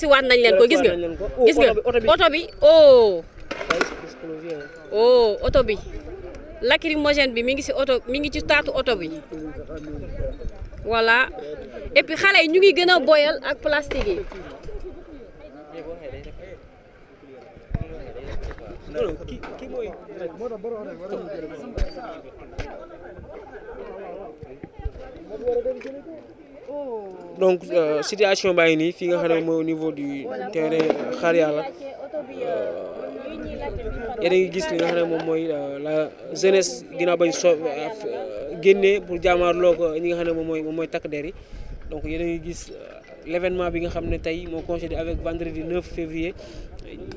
si waat nañ leen ko gis nga oh, gis nga oto bi oh oh oto bi lacrymogène bi mi ngi si oto mi ngi ci taatu oto bi voilà et puis xale yi ñu ngi gën a boyal ak plastique yi Oh. donc euh, situation baa ngi nii fii nga xam ne mooy au niveau du terrain xaar yàlla euh, yéen gis li nga xam ne moom mooy euh, la jeunesse ginnaaw ba so génnee pour jaamaarloo ko ñi nga xam ne moom mooy moom mooy takk der yi donc yéen a gis. l'événement bi nga xam ne tey moo coïncide avec vendredi 9 février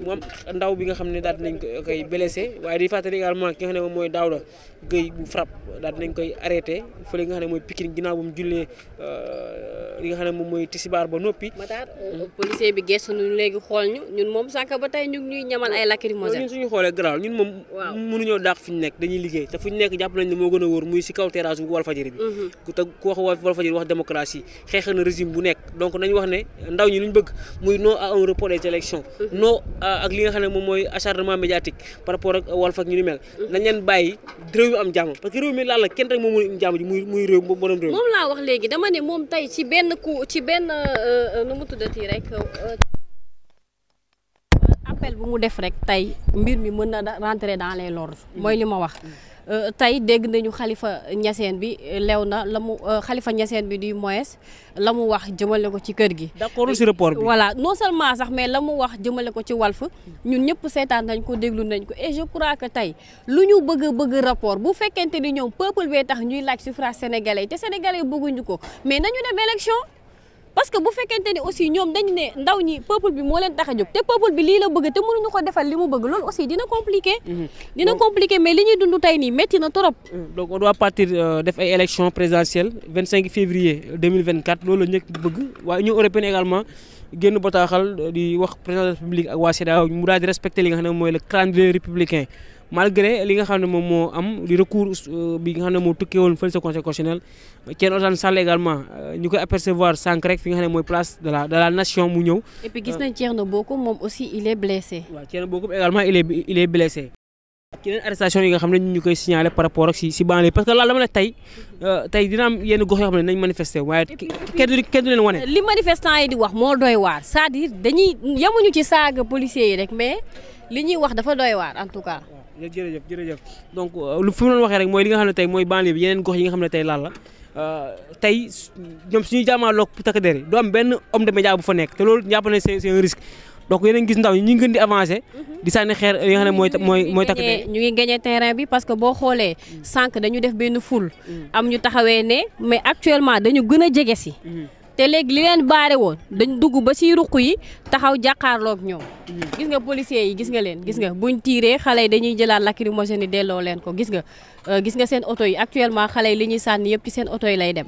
moom ndaw bi nga xam ne daal dinañ koy blessé waaye di fàttali également ki nga xam ne mooy Daouda Gueye bu frapp daal dinañ koy xam ne mooy Pikine ginnaaw bu mu jullee euh, li nga xam ne moom mooy tisibaar ba noppi. Matar bi gestu ñu léegi xool ñu ñun moom sànq ba tey ñu ngi ñuy ñamal ay lacrymogène. ñun suñu xoolee garaaw ñun moom. waaw mënuñoo daax fi ñu nekk dañuy liggéey te fu ñu nekk jàpp nañ ne moo gën a wóor muy si kaw terrasse bu Walfadjri mhm. wax Walfadjri wax démocratie bu nekk donc nañu wax ne ndaw ñi lu ñu bëgg muy non à un report des élections mhm. non ak li nga xam ne moom mooy acharnement médiatique par rapport ak Walf ak ñu ni mel mhm. nañ leen bàyyi réew mi am jàmm parce que réew mi laal la kenn rek moom mu am ji muy muy réew borom réew moom laa wax léegi dama ne moom tey ci benn ku ci benn euh, euh, nu mu tuddati rek euh, appel bu mu def rek tey mbir mi mën na rentrer dans les lords mooy li ma wax mhm. Euh, tey dégg nañu xalifa ñaseen bi lew na la mu xalifa euh, ñaseen bi du moins la mu wax jëmale ko ci kër gi. d'accord ci report bi. voilà non seulement sax mais la mu wax jëmale ko ci Walf ñun ñëpp seetaan nañ ko déglu nañ ko et je crois que tey lu ñu bëgg bëgg rapport bu fekkente ni ñoom peuple bee tax ñuy laaj suffrage sénégalais te sénégalais bëgguñu ko mais nañu dem élection. parce que bu fekkente ni aussi ñoom dañu ne ndaw ñi peuple bi moo leen tax a jóg te peuple bi lii la bëgg te mënuñu ko defal li mu bëgg loolu aussi dina compliqué. Mhm. dina compliqué mais li ñuy dund tey nii métti na trop. Mhm. donc on doit partir euh, def ay élection présidentielle 25 février 2024 loolu la ñëpp bëgg waaye Union européenne également génn bataaxal di wax président de la république ak waa CEDEAO mu daal di li nga xam ne mooy le calendrier républicain. malgré li nga xam ne moom moo am li recours euh, bi nga xam ne moo tukkee woon fële sa conseil constitutionnel Thierno Alassane Sall également euh, ñu koy apercevoir sànq rek fi nga xam ne mooy place de la de la nation mu ñëw. et puis gis nañ Thierno Bocoum moom aussi il est blessé. waaw Thierno ne ñu koy signalé par rapport ak si si banlieue parce que loolu dama la euh, tey dina yenn gox yoo xam ne nañ manifesté waaye kenn du kenn du leen wane. li manifestant yi di wax moo doy waar c'est-à-dire dañuy yemuñu ci saaga policiers yi rek mais li ñuy wax dafa doy waar en tout cas. jërëjëf jërëjëf donc euh, lu fu mu doon waxee rek mooy li nga xam ne tey mooy banlieue bi yeneen gox yi nga xam ne tey laal euh, tey ñoom suñuy jàmmaarloog takk der yi du am benn homme de bu fa nekk te loolu jàpp ne c'est un risque donc yeneen gis ndaw ñu ngi gën di avancé di xeer mooy mooy takk der ñu ngi gagné bi parce que boo xoolee mm. sànq dañu def benn foule mm. am ñu taxawee ne mais actuellement dañu gën a jege si mm. te léegi li leen baare woon dañ dugg ba si ruq yi taxaw jàkkaarloog ñoom. gis nga policiers yi gis nga leen gis nga buñ tiiree xale yi dañuy jëlaat lacrymogène yi delloo leen ko gis nga euh, gis nga seen oto yi actuellement xale yi li ñuy sànni yëpp ci seen oto yi lay dem.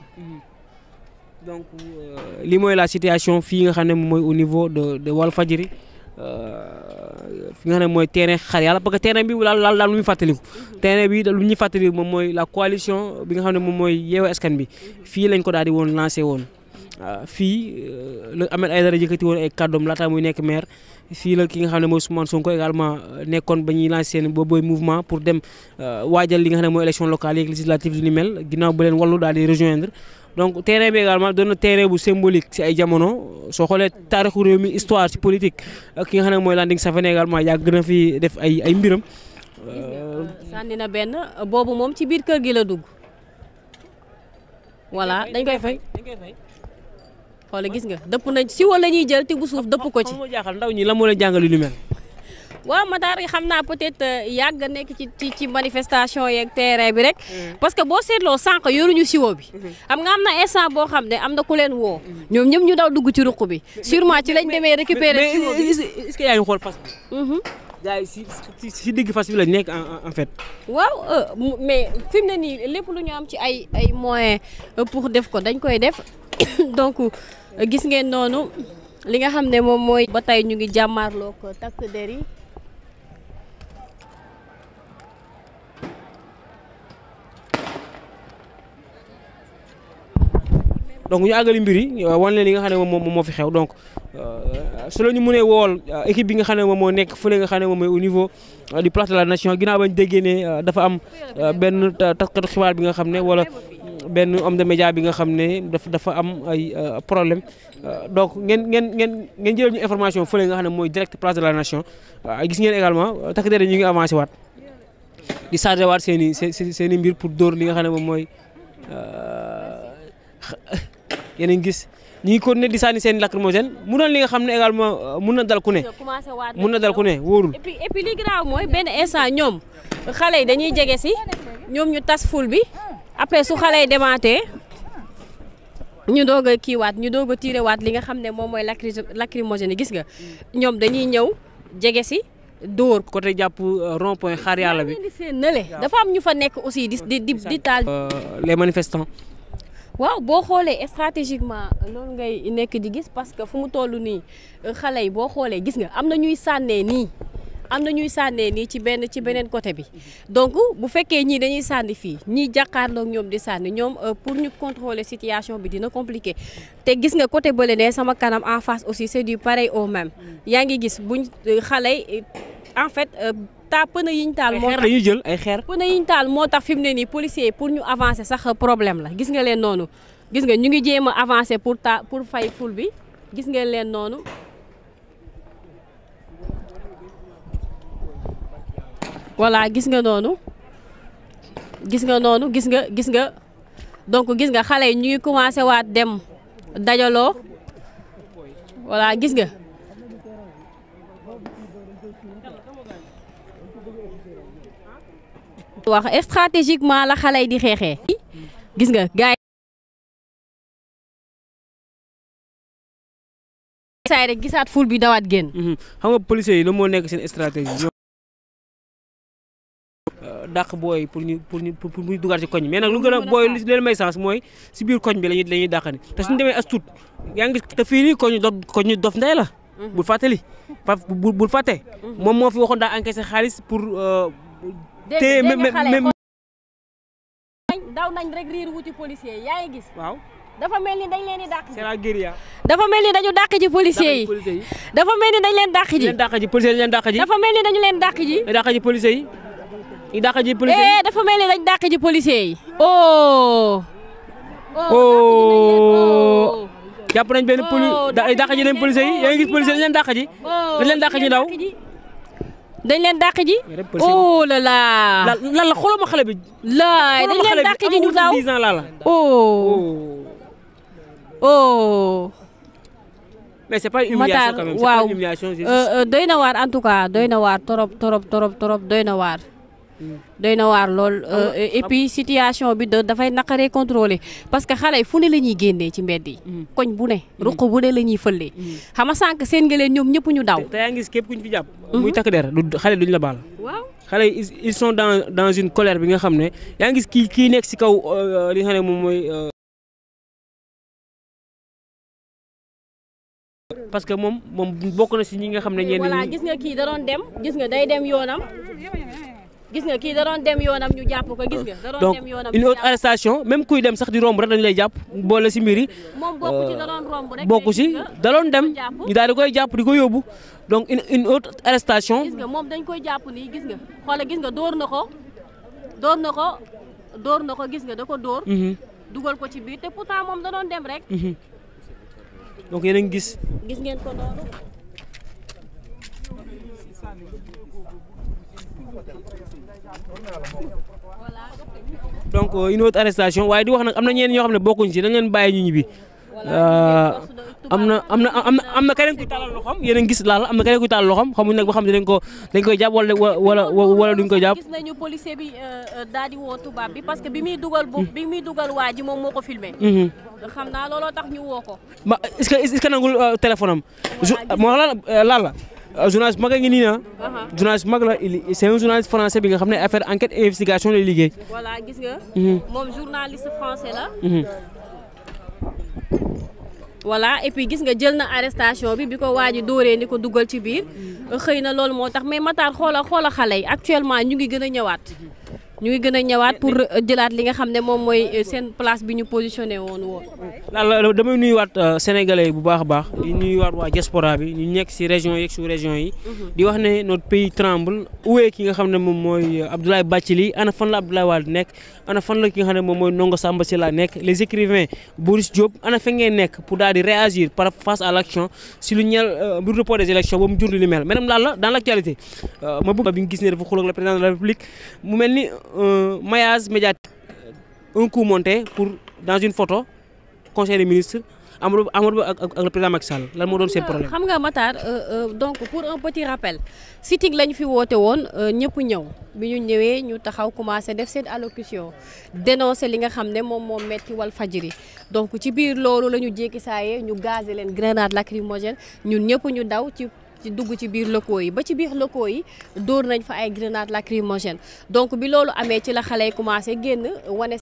donc euh, li mooy la situation fii nga xam ne mooy au niveau de de Walfadjri euh, fi nga xam ne mooy terrain xar yàlla parce que terrain bi daal daal daal lu ñu fàttaliku. terrain bi lu ñuy fàttaliku moom mooy la coalition bi nga xam ne moom mooy yeewu askan bi fii lañ ko daal di woon lancé woon. Euh, fii euh, la Ahmed Aïdara yëkkati woon ay kàddoom laataa muy nekk maire fii la ki nga xam ne mooy Ousmane Sonko également euh, nekkoon ba ñuy lancé seen boobu mouvement pour dem waajal li nga xam ne mooy élection locale yeeg législative li ni mel ginnaaw ba leen wallu daal di rejoindre. donc terrain na terrain bu symbolique si ay jamono soo xoolee taarixu réew mi histoire ki nga xam ne mooy Landing Savané également yàgg na fi def ay ay mbiram. na benn boobu moom ci biir kër gi la dugg. voilà koy dañ koy fay. xoola gis nga dëpp nañ si wala jël ti suuf dëpp ko ci. jaaxal ndaw ñi la moo leen jàngal lu mel. waaw Matar xam naa peut-être euh, yàgg nekk ci ci ci manifestation yeeg terrain bi rek. Mm. parce que boo seetloo sànq yoruñu siwo bi. Mm-hmm. am nga am na instant boo xam ne am na ku leen woo. Mm-hmm. ñoom ñëpp ñu daw dugg ci ruq bi. sûrement ci lañ demee récupérer siwo bi gars yi si si si digg fas bi lañ nekk en fait. waaw euh, mais fim mu ne nii lépp lu ñu am ci ay ay moyen euh, pour def ko dañ koy def donc euh, gis ngeen noonu li nga xam ne moom mooy. ba tey ñu ngi jàmmaarloo ko takk der yi. donc ñu àggali mbir yi euh, wan leen li nga xam ne moom moo fi xew donc euh, su la ñu mënee wool euh, équipe bi nga xam ne moom moo nekk fële nga xam ne moom mooy au niveau du place de la nation ginnaaw bañ déggee ne dafa am benn taskatu xibaar bi nga xam ne wala benn homme de média bi nga xam ne dafa dafa am ay problème donc ngeen ngeen ngeen ngeen jëlal ñu information fële nga xam ne mooy direct place de la nation gis ngeen également takk der ñu ngi avancé waat di chargé waat seen i seen i mbir pour dóor li nga xam ne moom mooy. yéen gis ñu ngi continuer di sànni seen lacrymogène mu doon li nga xam ne également euh, mun na dal ku ne. mun na dal ku ne wóorul. et puis li grave mooy benn instant ñoom xale yi dañuy jege si ñoom ñu tas ful bi après su xale yi demaatee ñu doog a kiiwaat ñu doog a tiirewaat li nga xam ne moom mooy lacry lacrymogène gis nga ñoom dañuy ñëw jege si. dóor côté jàpp euh, rond point xaar yàlla bi. dafa am ñu fa nekk aussi di di di taal. Euh, les manifestants. waaw boo xoolee stratégiquement loolu ngay nekk di gis parce que fu mu toll nii euh, xale yi boo xoolee gis nga am na ñuy sànnee nii am na ñuy sànnee nii ci benn ci beneen côté bi donc bu fekkee ñii dañuy sànni fii ñii jàkkaarloog ñoom di sànni ñoom euh, pour ñu contrôler situation bi dina compliqué te gis nga côté bële ne sama kanam en face aussi c'est du pareil au même mm. yaa ngi gis buñ euh, xale en fait. taa pëne yiñ taal moo tax dañuy ay xeer pëne yiñ taal moo tax fi ne nii policiers yi pour ñu avancer sax problème la gis nga leen noonu gis nga ñu ngi jéem a pour ta pour fay ful bi gis nga leen noonu voilà gis nga noonu gis nga noonu gis nga gis nga donc gis nga xale yi ñu ngi commencé waat dem dajaloo voilà gis nga wax stratégiquement la xale yi di xeexee nga gaay saay rek gisaat ful bi dawaat gen mhm. xam nga policiers yi la moo nekk seen stratégie euh, dàq booy pour ñu pour ñu pour ñu dugaat ci koñ mais nag lu gën a booy leen may sens mooy si biir koñ bi lañuy lañuy dàqani te suñu demee as yaa ngi te fii nii koñ dof koñ dof la bul fàttali fa bul fate moom moo fi waxoon daa encaissé xaalis pour. Euh, téye même daw nañ rek riir wuti policier yaa ngi gis. waaw dafa mel ni dañ leen di dàq. dafa mel ni dañu dàq ji policiers yi dafa mel ni dañ leen dàq ji. leen dàq ji policiers yi leen dàq ji. dafa mel ni dañ leen dàq ji. dàq ji policiers yi. Eh, dafa mel ni dañ dàq ji policiers yi. oh. oh jàpp nañ benn poli oh, dàq ji nañ policiers yi yaa ngi gis policiers oh, dañ leen dàq ji. dañ leen dàq ji daw. dañ leen dàq ji. la oh la. lan la xooloo ma xale bi. laay dañ leen dàq ji ñu daw euh, euh, doy na waar en tout cas doy na waar torop torop torop torop doy na waar. doy na waar lool euh, et puis bi da dafay naqaree contrôler parce que xale yi fu ne la ñuy génnee ci mbedd yi. Mm. koñ bu ne mm. ruq bu ne la ñuy fëllee. Mm. xam nga sànq seen nga leen ñoom ñëpp ñu daw. te yaa ngi képp ku ñu fi jàpp. Mm-hmm. muy takk der du xale duñ la baal. waaw xale yi ils sont dans dans bi nga xam ne yaa ngi gis kii nekk ci kaw euh, euh, li nga moom mooy. parce que moom moom bokk na si ñi nga xam ne. ñeen ñi voilà gis nga kii da dem gis nga day dem yoonam. gis nga kii da doon dem yoonam ñu jàpp ko gis nga. da doon dem yoonam ñu jàpp ko donc une autre arrestation même kuy dem sax di romb rek dañu lay jàpp boole si mbir yi. moom bokku ci euh, da doon romb rek. bokku si da doon dem ñu daal di koy jàpp di ko yóbbu donc une une autre arrestation. gis nga moom dañ koy jàpp nii gis nga xoola gis nga dóor na ko dóor na ko dóor na ko gis nga da ko dóor. Mhm. dugal ko ci biir te pourtant moom da doon dem rek. Mhm. donc yéen a ngi gis. gis ngeen ko noonu. donc euh, une autre arrestation waaye di wax na am na ñeen ñoo xam ne bokkuñ ci dañ leen bàyyi ñu ñibbi euh, am na am na am na am na keneen kuy tàllal loxoom yéen a gis laal am na keneen kuy tàllal loxoom xamuñ nag ba xam ne dañ ko dañ koy jàpp wala wala duñ koy jàpp. gis nañu policier bi euh, daal di woo tubaab bi parce que bi muy dugal. Hmm. bi muy dugal waa ji moom moo ko filmé. Hmm. xam naa looloo tax ñu woo ko. ma est-ce nangul téléphone am. moo la laal la. Euh, journaliste mag a ngi nii ah. journaliste mag la c' est journaliste français bi nga xam ne affaire enquête investigation lay liggéey. voilà gis nga. Mhm. moom journaliste français la. Mhm. voilà et puis gis nga jël na arrestation bi bi ko waaj a dóoree ni ko dugal ci biir mhm. xëy na loolu moo tax mais Matar xoola xoola xale yi actuellement ñu ngi gën a ñëwaat. ñu ngi gën a ñëwaat pour jëlaat li nga xam ne moom mooy euh, seen place bi ñu positionné woon woon. daal damay nuyuwaat euh, bu baax a baax di nuyuwaat waa diaspora bi ñu nekk si région yeeg sous région yi. Mhm. di wax ne notre pays ki nga xam ne moom mooy euh, Abdoulaye Bathily ana fan la Abdoulaye Wade nekk ana fan la nga xam ne moom mooy Ndongo Samba Sylla nekk les écrivains Boris Diop ana fa nekk pour daal l' action si lu ñeel bu report des élections ba mu jur li l' actualité ma bëgg bi ñu gis ne dafa xuloo ak président de la république mu mel ni un maillage médiatique un coup monté pour dans une photo conseil des ministres Amadou Amadou Ba ak le président Macky Sall lan moo doon seen problème. xam nga Matar euh, euh, donc pour un petit rappel sitting lañ fi woote woon euh, ñëpp ñëw bi ñu ñëwee ñu taxaw commencé def seen allocution dénoncer li nga xam ne moom moo metti wal fajiri donc ci biir loolu lañu ñu jékki ñu gazé leen la lacrymogène ñun ñëpp ñu daw ci. ci dugg ci biir locaux yi ba ci biir locaux yi dóor nañ fa ay grenades lacrymogènes donc bi loolu amee ci la xale yi commencé génn wane